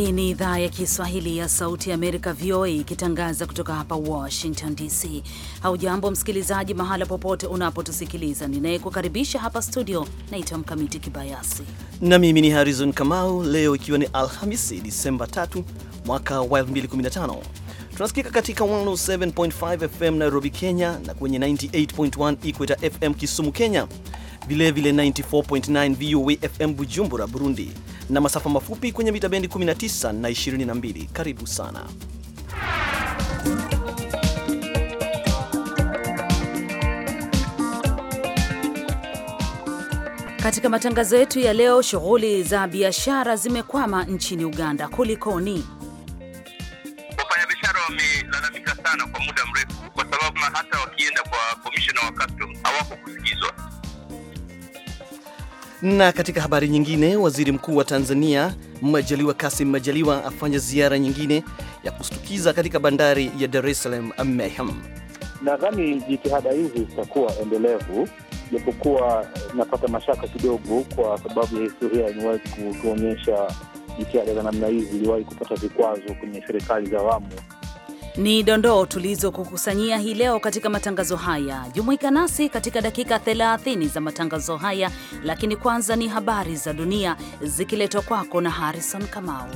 Hii ni idhaa ya Kiswahili ya Sauti ya Amerika, VOA, ikitangaza kutoka hapa Washington DC. Haujambo msikilizaji, mahala popote unapotusikiliza. Ninayekukaribisha hapa studio naitwa Mkamiti Kibayasi na mimi ni Harrison Kamau. Leo ikiwa ni Alhamisi, Disemba 3 mwaka wa 2015 tunasikika katika 107.5 FM Nairobi, Kenya, na kwenye 98.1 Ikweta FM Kisumu, Kenya, vilevile 94.9 VOA FM Bujumbura, Burundi, na masafa mafupi kwenye mita bendi 19 na 22. Karibu sana. Katika matangazo yetu ya leo, shughuli za biashara zimekwama nchini Uganda. Kulikoni? Wafanyabiashara wamelalamika sana kwa muda mrefu, kwa sababu hata wakienda kwa komishona wa custom hawako kusikizwa na katika habari nyingine, waziri mkuu wa Tanzania Majaliwa Kasim Majaliwa afanya ziara nyingine ya kustukiza katika bandari ya Dar es Salaam Ameham. Nadhani jitihada hizi zitakuwa endelevu, japokuwa napata mashaka kidogo, kwa sababu ya historia imewahi kutuonyesha jitihada za namna hii ziliwahi kupata vikwazo kwenye serikali za awamu ni dondoo tulizokukusanyia hii leo katika matangazo haya. Jumuika nasi katika dakika 30 za matangazo haya, lakini kwanza ni habari za dunia zikiletwa kwako na Harrison Kamau.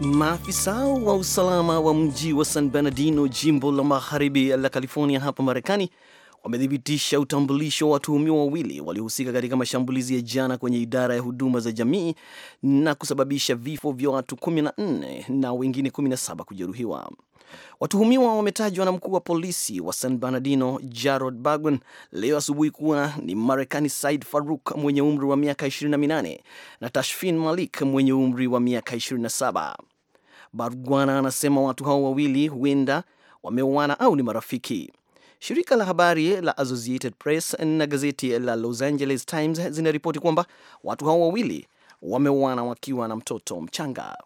Maafisa wa usalama wa mji wa San Bernardino, jimbo la magharibi la California hapa Marekani wamethibitisha utambulisho wa watuhumiwa wawili waliohusika katika mashambulizi ya jana kwenye idara ya huduma za jamii na kusababisha vifo vya watu 14 na wengine 17 kujeruhiwa. Watuhumiwa wametajwa na mkuu wa polisi wa San Bernardino Jarod Bagwen leo asubuhi kuwa ni Marekani Said Faruk mwenye umri wa miaka 28 na Tashfin Malik mwenye umri wa miaka 27. Bargwana anasema watu hao wawili huenda wameuana au ni marafiki. Shirika la habari la Associated Press na gazeti la Los Angeles Times zinaripoti kwamba watu hao wawili wameuana wakiwa na mtoto mchanga.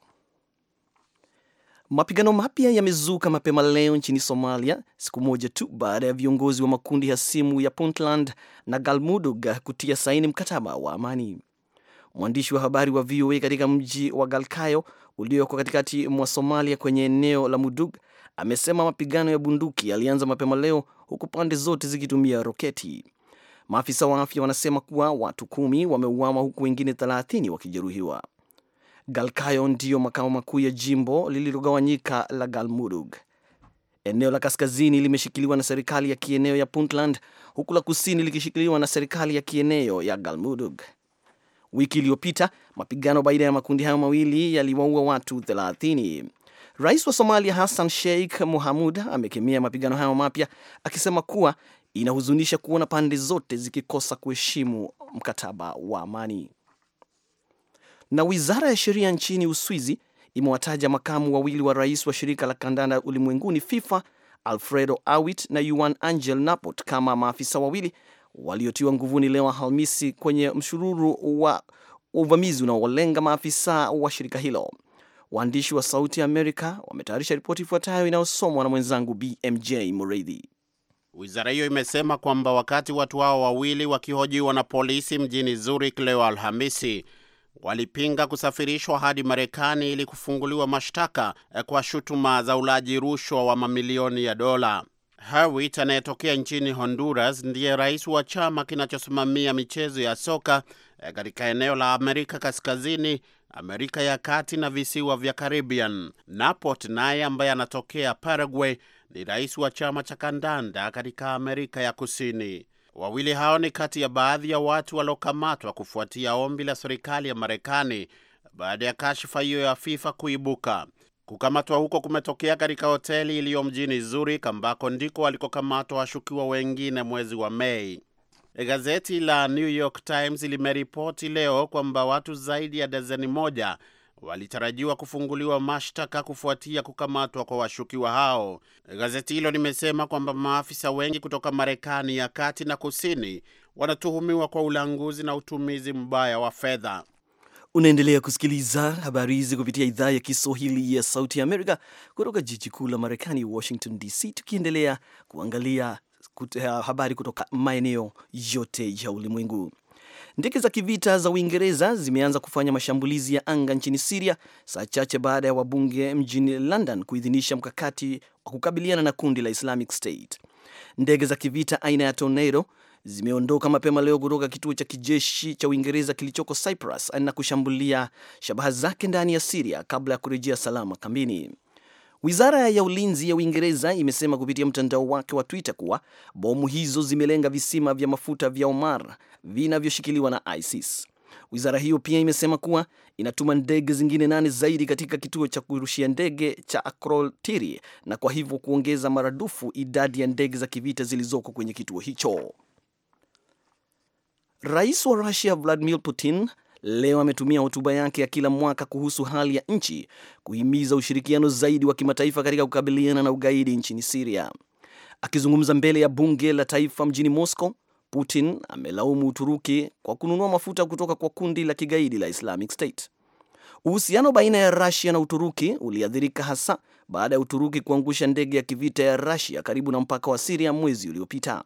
Mapigano mapya yamezuka mapema leo nchini Somalia, siku moja tu baada ya viongozi wa makundi hasimu ya Puntland na Galmudug kutia saini mkataba wa amani. Mwandishi wa habari wa VOA katika mji wa Galkayo ulioko katikati mwa Somalia kwenye eneo la Mudug amesema mapigano ya bunduki yalianza mapema leo huku pande zote zikitumia roketi. Maafisa wa afya wanasema kuwa watu kumi wameuawa huku wengine 30 wakijeruhiwa. Galkayo ndiyo makao makuu ya jimbo lililogawanyika la Galmudug. Eneo la kaskazini limeshikiliwa na serikali ya kieneo ya Puntland huku la kusini likishikiliwa na serikali ya kieneo ya Galmudug. Wiki iliyopita mapigano baina ya makundi hayo mawili yaliwaua watu 30. Rais wa Somalia Hassan Sheikh muhamud amekemea mapigano hayo mapya akisema kuwa inahuzunisha kuona pande zote zikikosa kuheshimu mkataba wa amani. Na wizara ya sheria nchini Uswizi imewataja makamu wawili wa rais wa shirika la kandanda ulimwenguni FIFA Alfredo Awit na yuan Angel Napot kama maafisa wawili waliotiwa nguvuni leo Alhamisi kwenye mshururu wa uvamizi unaolenga maafisa wa shirika hilo. Waandishi wa Sauti ya Amerika wametayarisha ripoti ifuatayo inayosomwa na mwenzangu BMJ Mureithi. Wizara hiyo imesema kwamba wakati watu hao wawili wakihojiwa na polisi mjini Zurich leo Alhamisi, walipinga kusafirishwa hadi Marekani ili kufunguliwa mashtaka eh, kwa shutuma za ulaji rushwa wa mamilioni ya dola. Hewitt anayetokea nchini Honduras ndiye rais wa chama kinachosimamia michezo ya soka eh, katika eneo la Amerika Kaskazini Amerika ya Kati na visiwa vya Caribbean. Napot naye ambaye anatokea Paraguay ni rais wa chama cha kandanda katika Amerika ya Kusini. Wawili hao ni kati ya baadhi ya watu waliokamatwa kufuatia ombi la serikali ya Marekani baada ya kashfa hiyo ya FIFA kuibuka. Kukamatwa huko kumetokea katika hoteli iliyo mjini Zurich ambako ndiko walikokamatwa washukiwa wengine mwezi wa Mei. Gazeti la New York Times limeripoti leo kwamba watu zaidi ya dazeni moja walitarajiwa kufunguliwa mashtaka kufuatia kukamatwa kwa washukiwa hao. Gazeti hilo limesema kwamba maafisa wengi kutoka Marekani ya kati na kusini wanatuhumiwa kwa ulanguzi na utumizi mbaya wa fedha. Unaendelea kusikiliza habari hizi kupitia idhaa ya Kiswahili ya Sauti ya Amerika kutoka jiji kuu la Marekani, Washington DC, tukiendelea kuangalia habari kutoka maeneo yote ya ulimwengu. Ndege za kivita za Uingereza zimeanza kufanya mashambulizi ya anga nchini Siria saa chache baada ya wabunge mjini London kuidhinisha mkakati wa kukabiliana na kundi la Islamic State. Ndege za kivita aina ya Tornado zimeondoka mapema leo kutoka kituo cha kijeshi cha Uingereza kilichoko Cyprus na kushambulia shabaha zake ndani ya Siria kabla ya kurejea salama kambini. Wizara ya ulinzi ya Uingereza imesema kupitia mtandao wake wa Twitter kuwa bomu hizo zimelenga visima vya mafuta vya Omar vinavyoshikiliwa na ISIS. Wizara hiyo pia imesema kuwa inatuma ndege zingine nane zaidi katika kituo cha kurushia ndege cha Akrol Tiri, na kwa hivyo kuongeza maradufu idadi ya ndege za kivita zilizoko kwenye kituo hicho. Rais wa Russia Vladimir Putin leo ametumia hotuba yake ya kila mwaka kuhusu hali ya nchi kuhimiza ushirikiano zaidi wa kimataifa katika kukabiliana na ugaidi nchini Siria. Akizungumza mbele ya bunge la taifa mjini Moscow, Putin amelaumu Uturuki kwa kununua mafuta kutoka kwa kundi la kigaidi la Islamic State. Uhusiano baina ya Rusia na Uturuki uliathirika hasa baada ya Uturuki kuangusha ndege ya kivita ya Rusia karibu na mpaka wa Siria mwezi uliopita.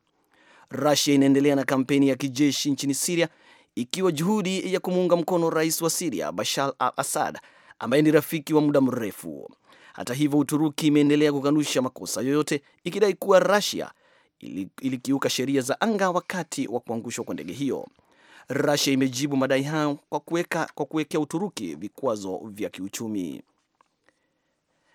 Rusia inaendelea na kampeni ya kijeshi nchini Siria ikiwa juhudi ya kumuunga mkono rais wa Siria Bashar al Assad ambaye ni rafiki wa muda mrefu. Hata hivyo, Uturuki imeendelea kukanusha makosa yoyote, ikidai kuwa rasia ilikiuka sheria za anga wakati wa kuangushwa kwa ndege hiyo. rasia imejibu madai hayo kwa kuweka kwa kuwekea Uturuki vikwazo vya kiuchumi.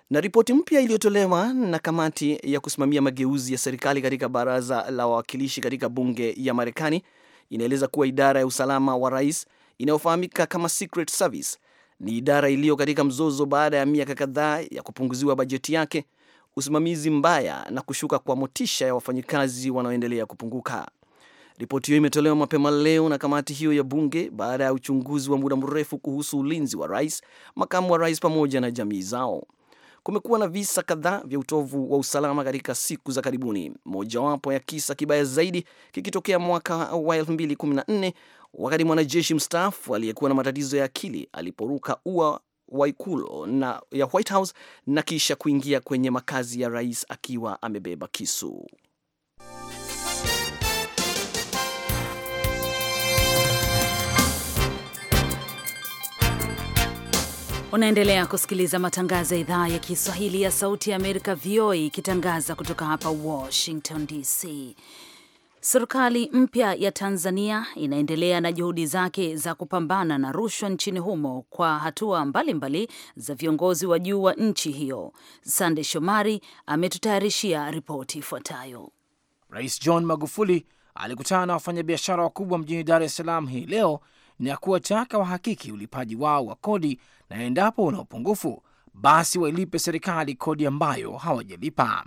Na ripoti mpya iliyotolewa na kamati ya kusimamia mageuzi ya serikali katika baraza la wawakilishi katika bunge ya Marekani inaeleza kuwa idara ya usalama wa rais inayofahamika kama Secret Service ni idara iliyo katika mzozo baada ya miaka kadhaa ya kupunguziwa bajeti yake, usimamizi mbaya na kushuka kwa motisha ya wafanyikazi wanaoendelea kupunguka. Ripoti hiyo imetolewa mapema leo na kamati hiyo ya bunge baada ya uchunguzi wa muda mrefu kuhusu ulinzi wa rais, makamu wa rais pamoja na jamii zao kumekuwa na visa kadhaa vya utovu wa usalama katika siku za karibuni, mojawapo ya kisa kibaya zaidi kikitokea mwaka wa 2014 wakati mwanajeshi mstaafu aliyekuwa na matatizo ya akili aliporuka ua wa ikulu na ya White House na kisha kuingia kwenye makazi ya rais akiwa amebeba kisu. Unaendelea kusikiliza matangazo ya idhaa ya Kiswahili ya Sauti ya Amerika, VOA, ikitangaza kutoka hapa Washington DC. Serikali mpya ya Tanzania inaendelea na juhudi zake za kupambana na rushwa nchini humo kwa hatua mbalimbali mbali za viongozi wa juu wa nchi hiyo. Sande Shomari ametutayarishia ripoti ifuatayo. Rais John Magufuli alikutana na wafanyabiashara wakubwa mjini Dar es Salaam hii leo na kuwataka wahakiki ulipaji wao wa kodi, na endapo una upungufu basi wailipe serikali kodi ambayo hawajalipa.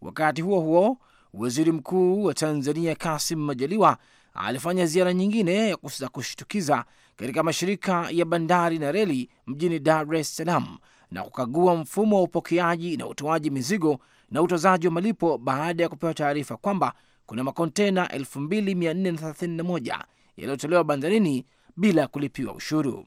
Wakati huo huo, waziri mkuu wa Tanzania Kasim Majaliwa alifanya ziara nyingine ya kushtukiza katika mashirika ya bandari na reli mjini Dar es Salaam na kukagua mfumo wa upokeaji na utoaji mizigo na utozaji wa malipo baada ya kupewa taarifa kwamba kuna makontena 2431 yaliyotolewa bandarini bila kulipiwa ushuru.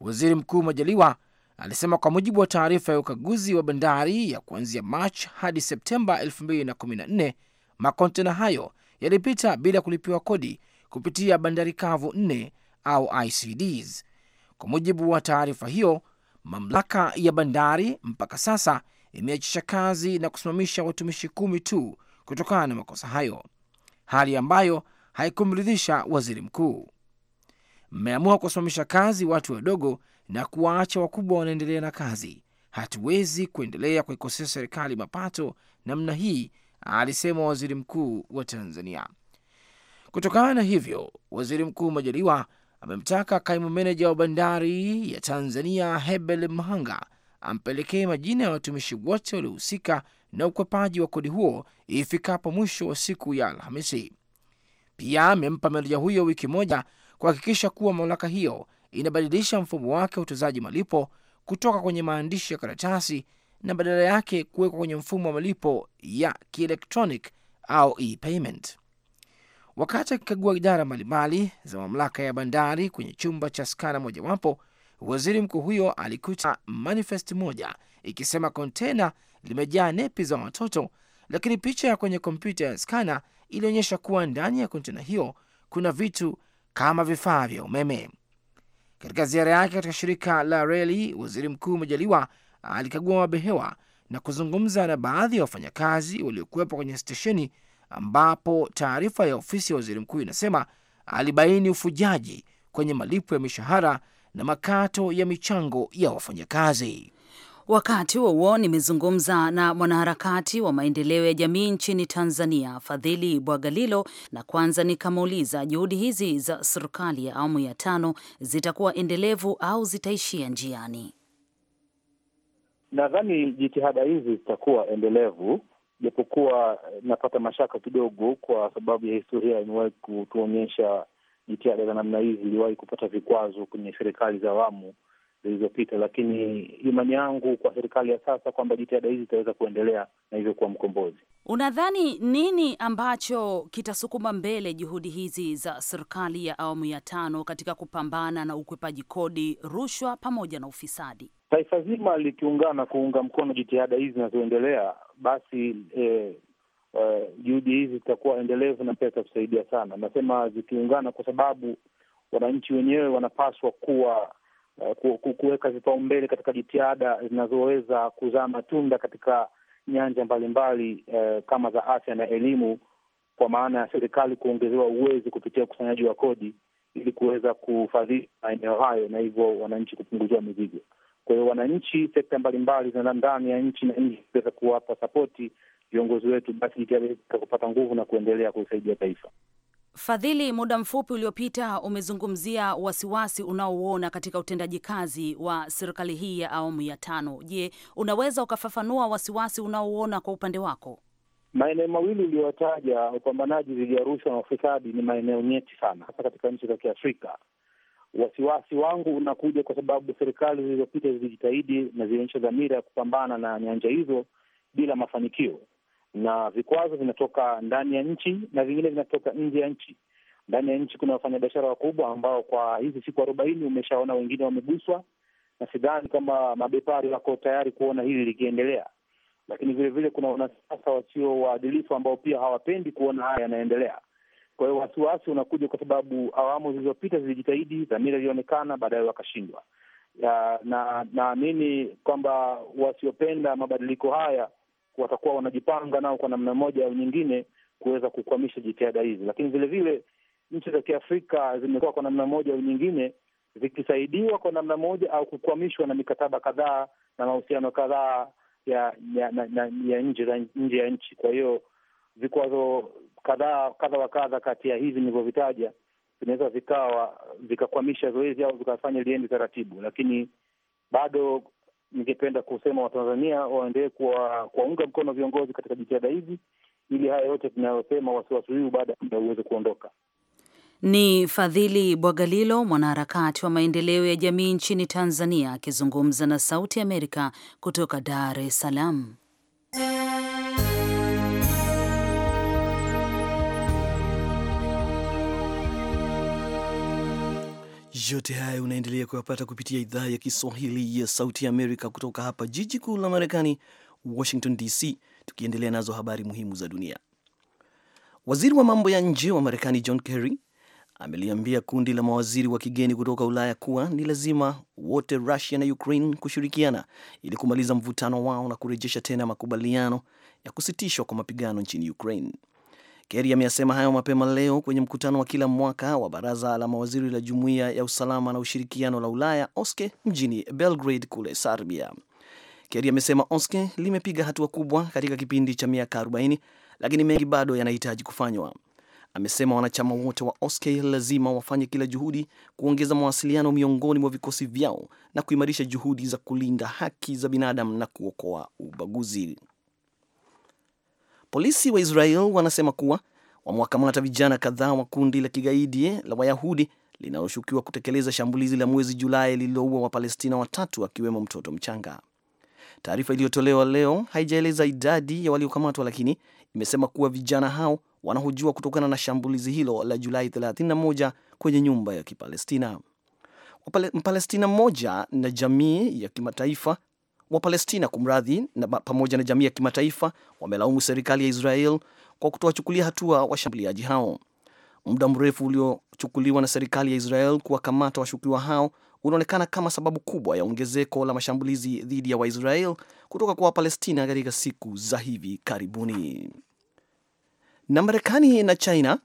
Waziri Mkuu Majaliwa alisema kwa mujibu wa taarifa ya ukaguzi wa bandari ya kuanzia Machi hadi Septemba 2014 makontena hayo yalipita bila kulipiwa kodi kupitia bandari kavu nne au ICDs. Kwa mujibu wa taarifa hiyo, mamlaka ya bandari mpaka sasa imeachisha kazi na kusimamisha watumishi kumi tu kutokana na makosa hayo, hali ambayo haikumridhisha waziri mkuu. Mmeamua kuwasimamisha kazi watu wadogo na kuwaacha wakubwa wanaendelea na kazi. Hatuwezi kuendelea kuikosesha serikali mapato namna hii, alisema waziri mkuu wa Tanzania. Kutokana na hivyo, waziri mkuu Majaliwa amemtaka kaimu meneja wa bandari ya Tanzania Hebel Mhanga ampelekee majina ya watumishi wote waliohusika na ukwepaji wa kodi huo ifikapo mwisho wa siku ya Alhamisi. Pia amempa meneja huyo wiki moja kuhakikisha kuwa mamlaka hiyo inabadilisha mfumo wake wa utozaji malipo kutoka kwenye maandishi ya karatasi na badala yake kuwekwa kwenye mfumo wa malipo ya kielektronic au e-payment. Wakati akikagua idara mbalimbali za mamlaka ya bandari kwenye chumba cha skana mojawapo, waziri mkuu huyo alikuta manifest moja ikisema kontena limejaa nepi za watoto, lakini picha ya kwenye kompyuta ya skana ilionyesha kuwa ndani ya kontena hiyo kuna vitu kama vifaa vya umeme. Katika ziara yake katika shirika la reli, waziri mkuu Majaliwa alikagua mabehewa na kuzungumza na baadhi ya wafanyakazi waliokuwepo kwenye stesheni, ambapo taarifa ya ofisi ya waziri mkuu inasema alibaini ufujaji kwenye malipo ya mishahara na makato ya michango ya wafanyakazi. Wakati huo huo, nimezungumza na mwanaharakati wa maendeleo ya jamii nchini Tanzania, Fadhili Bwagalilo, na kwanza nikamuuliza juhudi hizi za serikali ya awamu ya tano zitakuwa endelevu au zitaishia njiani? Nadhani jitihada hizi zitakuwa endelevu, japokuwa eh, napata mashaka kidogo, kwa sababu ya historia imewahi kutuonyesha jitihada za namna hizi iliwahi kupata vikwazo kwenye serikali za awamu zilizopita, lakini imani yangu kwa serikali ya sasa kwamba jitihada hizi zitaweza kuendelea na hivyo kuwa mkombozi. Unadhani nini ambacho kitasukuma mbele juhudi hizi za serikali ya awamu ya tano katika kupambana na ukwepaji kodi, rushwa pamoja na ufisadi? Taifa zima likiungana kuunga mkono jitihada hizi zinazoendelea, basi eh, Uh, juhudi hizi zitakuwa endelevu na pia zitatusaidia sana. Nasema zikiungana kwa sababu wananchi wenyewe wanapaswa kuwa uh, kuweka vipaumbele katika jitihada zinazoweza kuzaa matunda katika nyanja mbalimbali uh, kama za afya na elimu, kwa maana ya serikali kuongezewa uwezo kupitia ukusanyaji wa kodi ili kuweza kufadhili maeneo hayo na hivyo wananchi kupunguziwa mizigo. Kwa hiyo wananchi, sekta mbalimbali zinaenda ndani ya nchi na nchi kuweza kuwapa sapoti viongozi wetu, basi jitihada kupata nguvu na kuendelea kuisaidia taifa. Fadhili, muda mfupi uliopita umezungumzia wasiwasi unaouona katika utendaji kazi wa serikali hii ya awamu ya tano. Je, unaweza ukafafanua wasiwasi unaouona kwa upande wako? Maeneo mawili uliyotaja, upambanaji dhidi ya rushwa na ufisadi, ni maeneo nyeti sana, hasa katika nchi za Kiafrika. Wasiwasi wangu unakuja kwa sababu serikali zilizopita zilijitahidi na zilionyesha dhamira ya kupambana na nyanja hizo bila mafanikio na vikwazo vinatoka ndani ya nchi na vingine vinatoka nje ya nchi. Ndani ya nchi kuna wafanyabiashara wakubwa ambao kwa hizi siku arobaini umeshaona wengine wameguswa, na sidhani kama mabepari wako tayari kuona hili likiendelea. Lakini vilevile kuna wanasiasa wasio waadilifu ambao pia hawapendi kuona haya yanaendelea. Kwa hiyo wasiwasi unakuja kwa sababu awamu zilizopita zilijitahidi, dhamira ilionekana, baadaye wakashindwa. Na naamini kwamba wasiopenda mabadiliko haya watakuwa wanajipanga nao kwa namna moja au nyingine kuweza kukwamisha jitihada hizi, lakini vilevile nchi za Kiafrika zimekuwa kwa namna moja au nyingine zikisaidiwa kwa namna moja au kukwamishwa na mikataba kadhaa na mahusiano kadhaa ya ya, ya, ya nje za ya nchi. Kwa hiyo vikwazo kadhaa kadha wa kadha kati ya hizi nilivyovitaja vinaweza vikawa vikakwamisha zoezi au vikafanya liende taratibu, lakini bado ningependa kusema Watanzania waendelee kuwaunga mkono viongozi katika jitihada hizi, ili haya yote tunayosema wasiwasuhiu baada ya muda uweze kuondoka. Ni Fadhili Bwagalilo, mwanaharakati wa maendeleo ya jamii nchini Tanzania, akizungumza na Sauti Amerika kutoka Dar es Salaam. Yote haya unaendelea kuyapata kupitia idhaa ya Kiswahili ya Sauti ya Amerika kutoka hapa jiji kuu la Marekani, Washington DC, tukiendelea nazo habari muhimu za dunia. Waziri wa mambo ya nje wa Marekani John Kerry ameliambia kundi la mawaziri wa kigeni kutoka Ulaya kuwa ni lazima wote Russia na Ukraine kushirikiana ili kumaliza mvutano wao na kurejesha tena makubaliano ya kusitishwa kwa mapigano nchini Ukraine. Kerry ameyasema hayo mapema leo kwenye mkutano wa kila mwaka wa baraza la mawaziri la jumuiya ya usalama na ushirikiano la Ulaya oske mjini Belgrade kule Serbia. Kerry amesema oske limepiga hatua kubwa katika kipindi cha miaka 40 lakini mengi bado yanahitaji kufanywa. Amesema wanachama wote wa oske lazima wafanye kila juhudi kuongeza mawasiliano miongoni mwa vikosi vyao na kuimarisha juhudi za kulinda haki za binadamu na kuokoa ubaguzi. Polisi wa Israel wanasema kuwa wamewakamata vijana kadhaa wa kundi la kigaidi eh, la Wayahudi linaloshukiwa kutekeleza shambulizi la mwezi Julai lililoua Wapalestina watatu akiwemo mtoto mchanga. Taarifa iliyotolewa leo haijaeleza idadi ya waliokamatwa, lakini imesema kuwa vijana hao wanahojiwa kutokana na shambulizi hilo la Julai 31 kwenye nyumba ya Kipalestina. Mpalestina mmoja na jamii ya kimataifa wa Palestina kumradhi, na pamoja na jamii ya kimataifa wamelaumu serikali ya Israel kwa kutowachukulia hatua washambuliaji hao. Muda mrefu uliochukuliwa na serikali ya Israel kuwakamata washukiwa hao unaonekana kama sababu kubwa ya ongezeko la mashambulizi dhidi ya Waisrael kutoka kwa Wapalestina katika siku za hivi karibuni. Na Marekani na China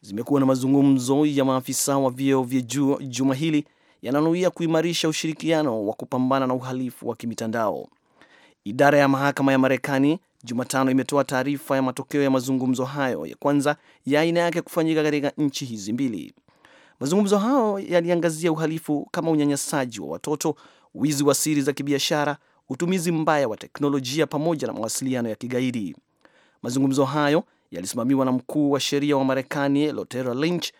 zimekuwa na mazungumzo ya maafisa wa vyeo vya juu juma hili yananuia kuimarisha ushirikiano wa kupambana na uhalifu wa kimitandao. Idara ya mahakama ya Marekani Jumatano imetoa taarifa ya matokeo ya mazungumzo hayo ya kwanza ya aina yake kufanyika katika nchi hizi mbili. Mazungumzo hayo yaliangazia uhalifu kama unyanyasaji wa watoto, wizi wa siri za kibiashara, utumizi mbaya wa teknolojia pamoja na mawasiliano ya kigaidi. Mazungumzo hayo yalisimamiwa na mkuu wa sheria wa Marekani Loretta Lynch,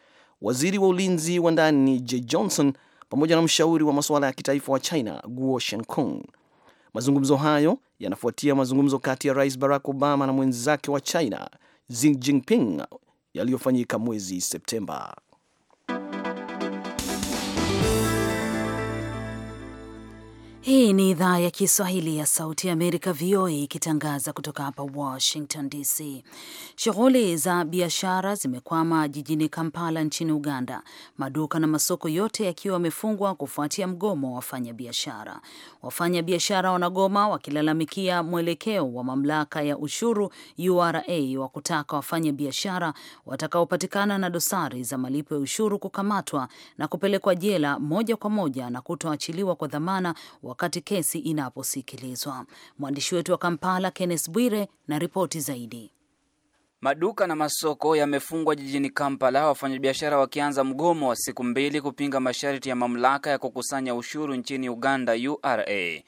waziri wa ulinzi wa ndani J Johnson pamoja na mshauri wa masuala ya kitaifa wa China Guo Shenkong. Mazungumzo hayo yanafuatia mazungumzo kati ya Rais Barack Obama na mwenzake wa China Xi Jinping yaliyofanyika mwezi Septemba. Hii ni idhaa ya Kiswahili ya Sauti ya Amerika, VOA, ikitangaza kutoka hapa Washington DC. Shughuli za biashara zimekwama jijini Kampala nchini Uganda, maduka na masoko yote yakiwa yamefungwa kufuatia mgomo wa wafanyabiashara. Wafanyabiashara wanagoma wakilalamikia mwelekeo wa mamlaka ya ushuru URA wa kutaka wafanyabiashara watakaopatikana na dosari za malipo ya ushuru kukamatwa na kupelekwa jela moja kwa moja na kutoachiliwa kwa dhamana wakati kesi inaposikilizwa. Mwandishi wetu wa Kampala, Kenneth Bwire, na ripoti zaidi. Maduka na masoko yamefungwa jijini Kampala, wafanyabiashara wakianza mgomo wa siku mbili kupinga masharti ya mamlaka ya kukusanya ushuru nchini Uganda, URA.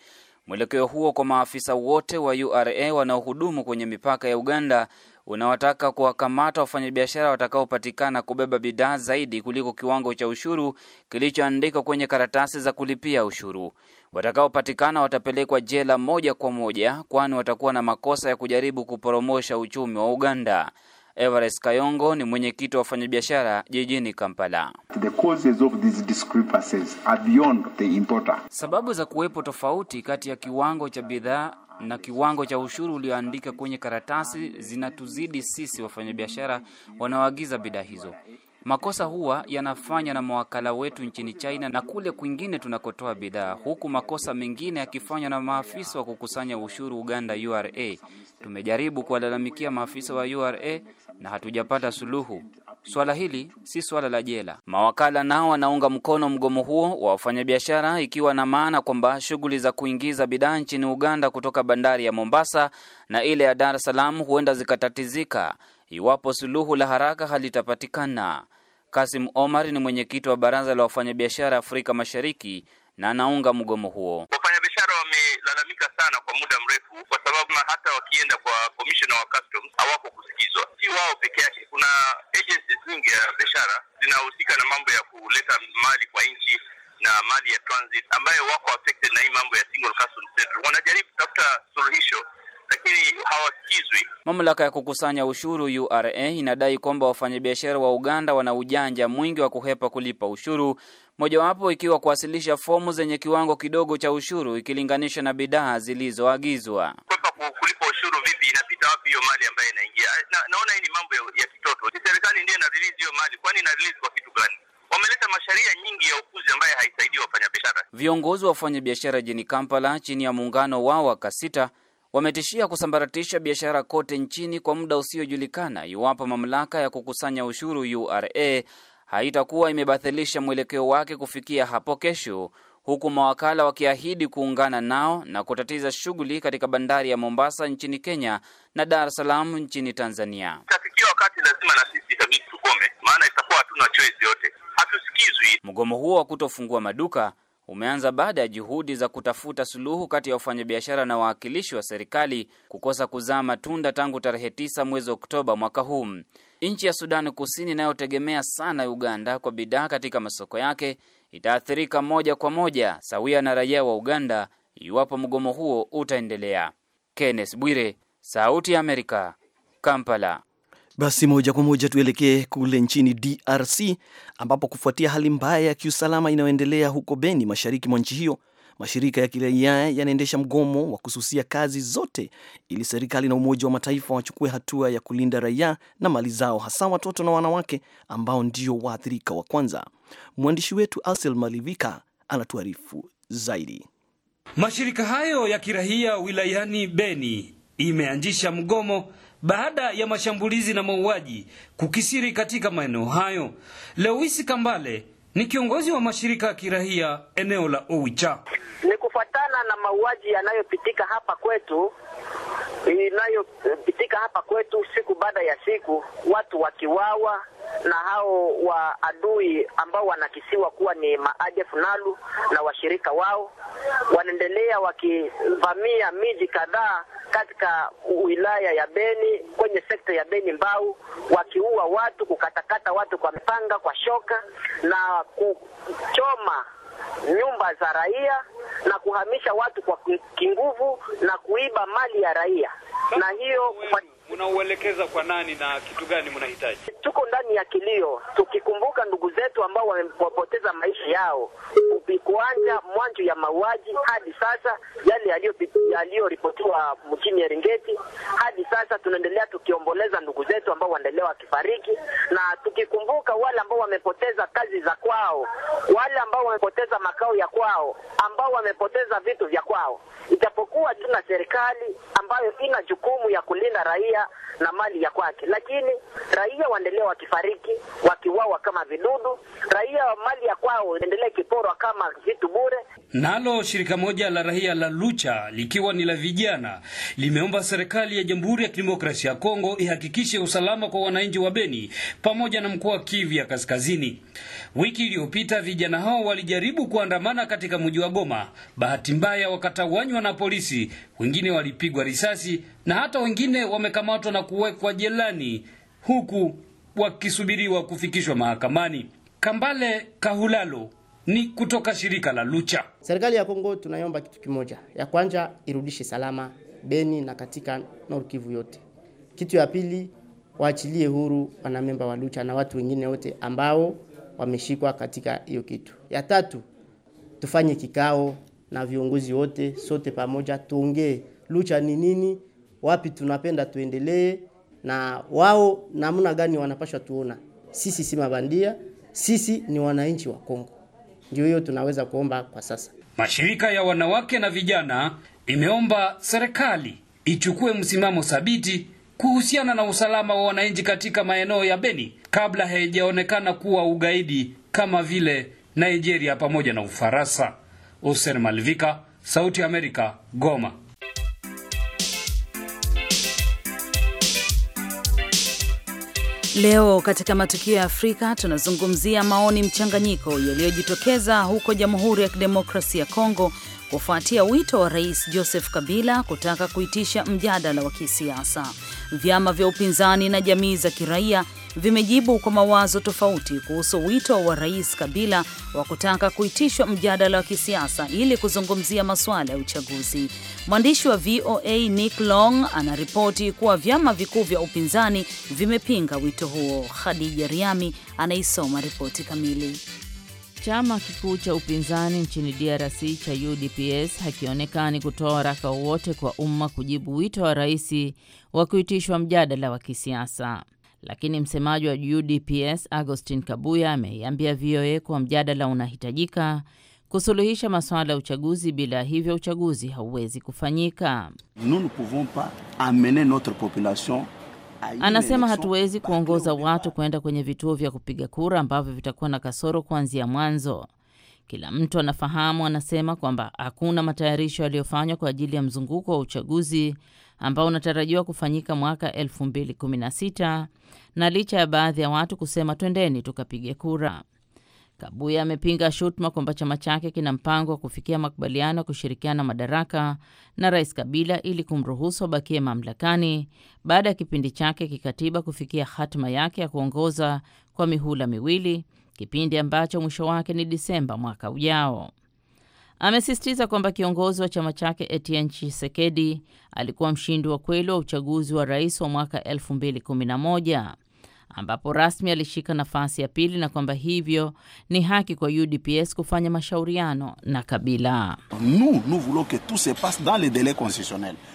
Mwelekeo huo kwa maafisa wote wa URA wanaohudumu kwenye mipaka ya Uganda unawataka kuwakamata wafanyabiashara watakaopatikana kubeba bidhaa zaidi kuliko kiwango cha ushuru kilichoandikwa kwenye karatasi za kulipia ushuru. Watakaopatikana watapelekwa jela moja kwa moja, kwani watakuwa na makosa ya kujaribu kuporomosha uchumi wa Uganda. Everest Kayongo ni mwenyekiti wa wafanyabiashara jijini Kampala. The causes of these discrepancies are beyond the importer. Sababu za kuwepo tofauti kati ya kiwango cha bidhaa na kiwango cha ushuru ulioandika kwenye karatasi zinatuzidi sisi wafanyabiashara wanaoagiza bidhaa hizo. Makosa huwa yanafanya na mawakala wetu nchini China na kule kwingine tunakotoa bidhaa, huku makosa mengine yakifanywa na maafisa wa kukusanya ushuru Uganda, URA. Tumejaribu kuwalalamikia maafisa wa URA na hatujapata suluhu. Swala hili si swala la jela. Mawakala nao wanaunga mkono mgomo huo wa wafanyabiashara, ikiwa na maana kwamba shughuli za kuingiza bidhaa nchini Uganda kutoka bandari ya Mombasa na ile ya Dar es Salaam huenda zikatatizika iwapo suluhu la haraka halitapatikana. Kasim Omar ni mwenyekiti wa baraza la wafanyabiashara Afrika Mashariki na anaunga mgomo huo. Wafanyabiashara wamelalamika sana kwa muda mrefu, kwa sababu hata wakienda kwa komishona wa customs hawako kusikizwa. Si wao peke yake, kuna agencies nyingi ya biashara zinahusika na mambo ya kuleta mali kwa nchi na mali ya transit ambayo wako affected na hii mambo ya single customs center. Wanajaribu kutafuta suluhisho lakini hawasikizwi. Mamlaka ya kukusanya ushuru URA inadai kwamba wafanyabiashara wa Uganda wana ujanja mwingi wa kuhepa kulipa ushuru, mojawapo ikiwa kuwasilisha fomu zenye kiwango kidogo cha ushuru ikilinganisha na bidhaa zilizoagizwa. Kulipa ushuru vipi? Inapita wapi hiyo mali ambayo inaingia? Eh, na, naona hii ni mambo ya, ya kitoto. Serikali ndiyo inarilizi hiyo mali, kwani inarilizi kwa kitu gani? Wameleta masharia nyingi ya ukuzi ambaye haisaidii wafanyabiashara. Viongozi wa wafanyabiashara jini Kampala chini ya muungano wao wa Kasita wametishia kusambaratisha biashara kote nchini kwa muda usiojulikana iwapo mamlaka ya kukusanya ushuru URA haitakuwa imebathilisha mwelekeo wake kufikia hapo kesho, huku mawakala wakiahidi kuungana nao na kutatiza shughuli katika bandari ya Mombasa nchini Kenya na Dar es Salaam nchini Tanzania. Itafikia wakati lazima na sisi itabidi tugome, maana itakuwa hatuna choice yote, hatusikizwi. Mgomo huo wa kutofungua maduka umeanza baada ya juhudi za kutafuta suluhu kati ya wafanyabiashara na wawakilishi wa serikali kukosa kuzaa matunda tangu tarehe 9 mwezi Oktoba mwaka huu. Nchi ya Sudani Kusini inayotegemea sana Uganda kwa bidhaa katika masoko yake itaathirika moja kwa moja, sawia na raia wa Uganda, iwapo mgomo huo utaendelea. Kenneth Bwire, Sauti ya Amerika, Kampala. Basi moja kwa moja tuelekee kule nchini DRC ambapo kufuatia hali mbaya ya kiusalama inayoendelea huko Beni, mashariki mwa nchi hiyo, mashirika ya kiraia yanaendesha mgomo wa kususia kazi zote ili serikali na Umoja wa Mataifa wachukue hatua ya kulinda raia na mali zao, hasa watoto na wanawake ambao ndio waathirika wa kwanza. Mwandishi wetu Asel Malivika anatuarifu zaidi. Mashirika hayo ya kiraia wilayani Beni imeanzisha mgomo baada ya mashambulizi na mauaji kukisiri katika maeneo hayo. Lewisi Kambale ni kiongozi wa mashirika ya kirahia eneo la Owicha. Ni kufuatana na mauaji yanayopitika hapa kwetu inayopitika hapa kwetu siku baada ya siku, watu wakiwawa na hao wa adui ambao wanakisiwa kuwa ni maajef nalu na washirika wao, wanaendelea wakivamia miji kadhaa katika wilaya ya Beni kwenye sekta ya Beni Mbau, wakiua watu, kukatakata watu kwa mipanga, kwa shoka na kuchoma nyumba za raia na kuhamisha watu kwa kinguvu na kuiba mali ya raia, na hiyo mnauelekeza kwa nani na kitu gani mnahitaji? Tuko ndani ya kilio, tukikumbuka ndugu zetu ambao wamepoteza maisha yao kuanja mwanzo ya mauaji hadi sasa, yale yaliyoripotiwa mchini Eringeti hadi sasa. Tunaendelea tukiomboleza ndugu zetu ambao waendelea wakifariki, na tukikumbuka wale ambao wamepoteza kazi za kwao, wale ambao wamepoteza makao ya kwao, ambao wamepoteza vitu vya kwao. Ijapokuwa tuna serikali ambayo ina jukumu ya kulinda raia familia na mali ya kwake, lakini raia waendelea wakifariki, wakiwawa kama vidudu, raia wa mali ya kwao endelea ikiporwa kama vitu bure. Nalo shirika moja la raia la Lucha likiwa ni la vijana limeomba serikali ya Jamhuri ya Kidemokrasia ya Kongo ihakikishe usalama kwa wananchi wa Beni pamoja na mkoa wa Kivu ya Kaskazini. Wiki iliyopita vijana hao walijaribu kuandamana katika mji wa Goma, bahati mbaya wakatawanywa na polisi, wengine walipigwa risasi na hata wengine wamekamatwa na kuwekwa jelani huku wakisubiriwa kufikishwa mahakamani. Kambale Kahulalo ni kutoka shirika la Lucha. Serikali ya Kongo tunayomba kitu kimoja, ya kwanza irudishe salama Beni na katika Nord Kivu yote. Kitu ya pili waachilie huru wanamemba wa Lucha na watu wengine wote ambao wameshikwa katika hiyo kitu. Ya tatu tufanye kikao na viongozi wote sote pamoja, tuongee Lucha ni nini, wapi tunapenda tuendelee na wao namna gani wanapashwa tuona. Sisi si mabandia, sisi ni wananchi wa Kongo. Ndio hiyo tunaweza kuomba kwa sasa. Mashirika ya wanawake na vijana imeomba serikali ichukue msimamo thabiti kuhusiana na usalama wa wananchi katika maeneo ya Beni kabla haijaonekana kuwa ugaidi kama vile Nigeria pamoja na Ufaransa. usen Malvika, Sauti Amerika, Goma. Leo katika matukio ya Afrika tunazungumzia maoni mchanganyiko yaliyojitokeza huko Jamhuri ya Kidemokrasia ya Kongo kufuatia wito wa Rais Joseph Kabila kutaka kuitisha mjadala wa kisiasa. Vyama vya upinzani na jamii za kiraia vimejibu kwa mawazo tofauti kuhusu wito wa Rais Kabila wa kutaka kuitishwa mjadala wa kisiasa ili kuzungumzia masuala ya uchaguzi. Mwandishi wa VOA Nick Long anaripoti kuwa vyama vikuu vya upinzani vimepinga wito huo. Khadija Riami anaisoma ripoti kamili chama kikuu cha upinzani nchini DRC cha UDPS hakionekani kutoa waraka wowote kwa umma kujibu wito wa rais wa kuitishwa mjadala wa kisiasa. Lakini msemaji wa UDPS agostin Kabuya ameiambia VOA kuwa mjadala unahitajika kusuluhisha masuala ya uchaguzi, bila hivyo uchaguzi hauwezi kufanyika. Nous ne pouvons pas amener notre population Anasema hatuwezi kuongoza watu kwenda kwenye vituo vya kupiga kura ambavyo vitakuwa na kasoro kuanzia mwanzo. Kila mtu anafahamu, anasema kwamba hakuna matayarisho yaliyofanywa kwa ajili ya mzunguko wa uchaguzi ambao unatarajiwa kufanyika mwaka 2016 na licha ya baadhi ya watu kusema twendeni tukapige kura. Kabuya amepinga shutuma kwamba chama chake kina mpango wa kufikia makubaliano ya kushirikiana madaraka na Rais Kabila ili kumruhusu abakie mamlakani baada ya kipindi chake kikatiba kufikia hatima yake ya kuongoza kwa mihula miwili, kipindi ambacho mwisho wake ni Disemba mwaka ujao. Amesisitiza kwamba kiongozi wa chama chake Etienne Tshisekedi alikuwa mshindi wa kweli wa uchaguzi wa rais wa mwaka 2011 ambapo rasmi alishika nafasi ya pili na kwamba hivyo ni haki kwa UDPS kufanya mashauriano na Kabila.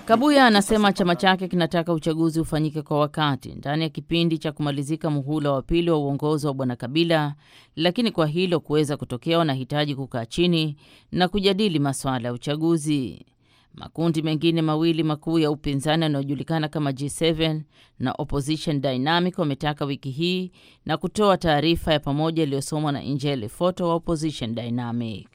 Kabuya anasema chama chake kinataka uchaguzi ufanyike kwa wakati ndani ya kipindi cha kumalizika muhula wa pili wa uongozi wa bwana Kabila, lakini kwa hilo kuweza kutokea wanahitaji kukaa chini na kujadili masuala ya uchaguzi. Makundi mengine mawili makuu ya upinzani yanayojulikana kama G7 na Opposition Dynamic wametaka wiki hii na kutoa taarifa ya pamoja iliyosomwa na Injele Foto wa Opposition Dynamic.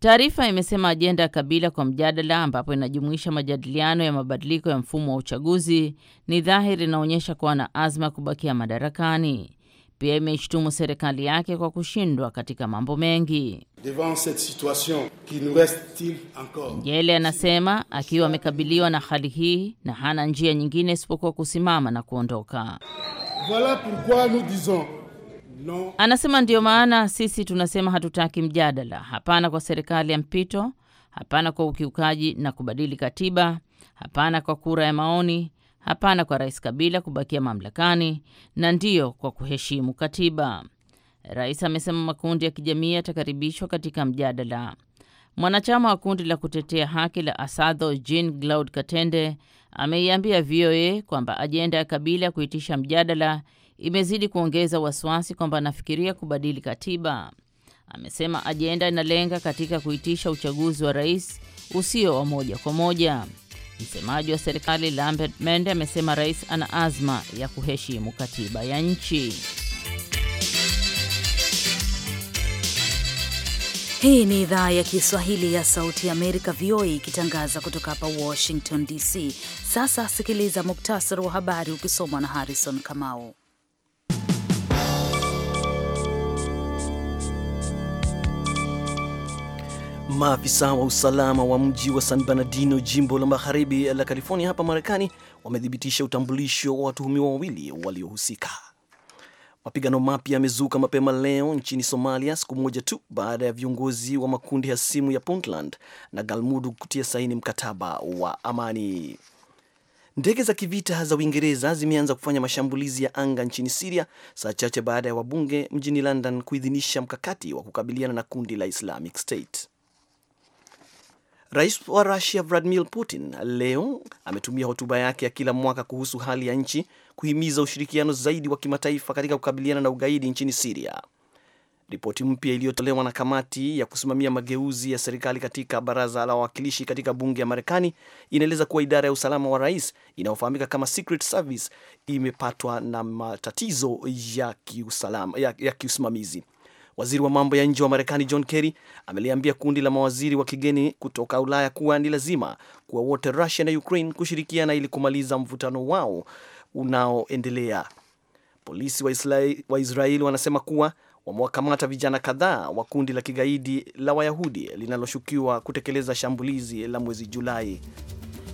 Taarifa imesema ajenda ya Kabila kwa mjadala, ambapo inajumuisha majadiliano ya mabadiliko ya mfumo wa uchaguzi, ni dhahiri inaonyesha kuwa na azma ya kubakia madarakani pia imeishtumu serikali yake kwa kushindwa katika mambo mengi. Jele anasema akiwa amekabiliwa na hali hii na hana njia nyingine isipokuwa kusimama na kuondoka. Voilà pourquoi nous disons non. Anasema ndiyo maana sisi tunasema hatutaki mjadala, hapana kwa serikali ya mpito, hapana kwa ukiukaji na kubadili katiba, hapana kwa kura ya maoni hapana kwa Rais Kabila kubakia mamlakani na ndiyo kwa kuheshimu katiba. Rais amesema makundi ya kijamii yatakaribishwa katika mjadala. Mwanachama wa kundi la kutetea haki la Asadho Jean Claude Katende ameiambia VOA kwamba ajenda ya Kabila ya kuitisha mjadala imezidi kuongeza wasiwasi kwamba anafikiria kubadili katiba. Amesema ajenda inalenga katika kuitisha uchaguzi wa rais usio wa moja kwa moja. Msemaji wa serikali Lambert Mende amesema rais ana azma ya kuheshimu katiba ya nchi. Hii ni idhaa ya Kiswahili ya Sauti ya Amerika, VOA, ikitangaza kutoka hapa Washington DC. Sasa sikiliza muktasari wa habari ukisomwa na Harrison Kamau. Maafisa wa usalama wa mji wa San Bernardino, jimbo la magharibi la California hapa Marekani, wamethibitisha utambulisho wa watuhumiwa wawili waliohusika. Mapigano mapya yamezuka mapema leo nchini Somalia, siku moja tu baada ya viongozi wa makundi hasimu ya Puntland na Galmudug kutia saini mkataba wa amani. Ndege za kivita za Uingereza zimeanza kufanya mashambulizi ya anga nchini Siria saa chache baada ya wabunge mjini London kuidhinisha mkakati wa kukabiliana na kundi la Islamic State. Rais wa Rusia Vladimir Putin leo ametumia hotuba yake ya kila mwaka kuhusu hali ya nchi kuhimiza ushirikiano zaidi wa kimataifa katika kukabiliana na ugaidi nchini Siria. Ripoti mpya iliyotolewa na kamati ya kusimamia mageuzi ya serikali katika baraza la wawakilishi katika bunge ya Marekani inaeleza kuwa idara ya usalama wa rais inayofahamika kama Secret Service imepatwa na matatizo ya kiusalama, ya, ya kiusimamizi. Waziri wa mambo ya nje wa Marekani John Kerry ameliambia kundi la mawaziri wa kigeni kutoka Ulaya kuwa ni lazima kuwa wote Russia na Ukraine kushirikiana ili kumaliza mvutano wao unaoendelea. Polisi wa Israeli wanasema kuwa wamewakamata vijana kadhaa wa kundi la kigaidi la Wayahudi linaloshukiwa kutekeleza shambulizi la mwezi Julai.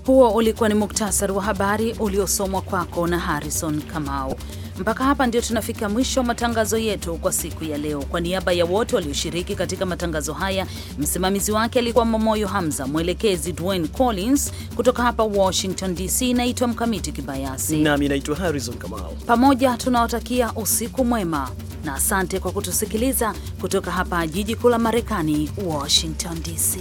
Huo ulikuwa ni muktasari wa habari uliosomwa kwako na Harrison Kamau. Mpaka hapa ndio tunafika mwisho wa matangazo yetu kwa siku ya leo. Kwa niaba ya wote walioshiriki katika matangazo haya, msimamizi wake alikuwa Momoyo Hamza, mwelekezi Dwayne Collins. Kutoka hapa Washington DC, naitwa Mkamiti Kibayasi nami naitwa Harrison Kamau. Pamoja tunawatakia usiku mwema na asante kwa kutusikiliza kutoka hapa jiji kuu la Marekani, Washington DC.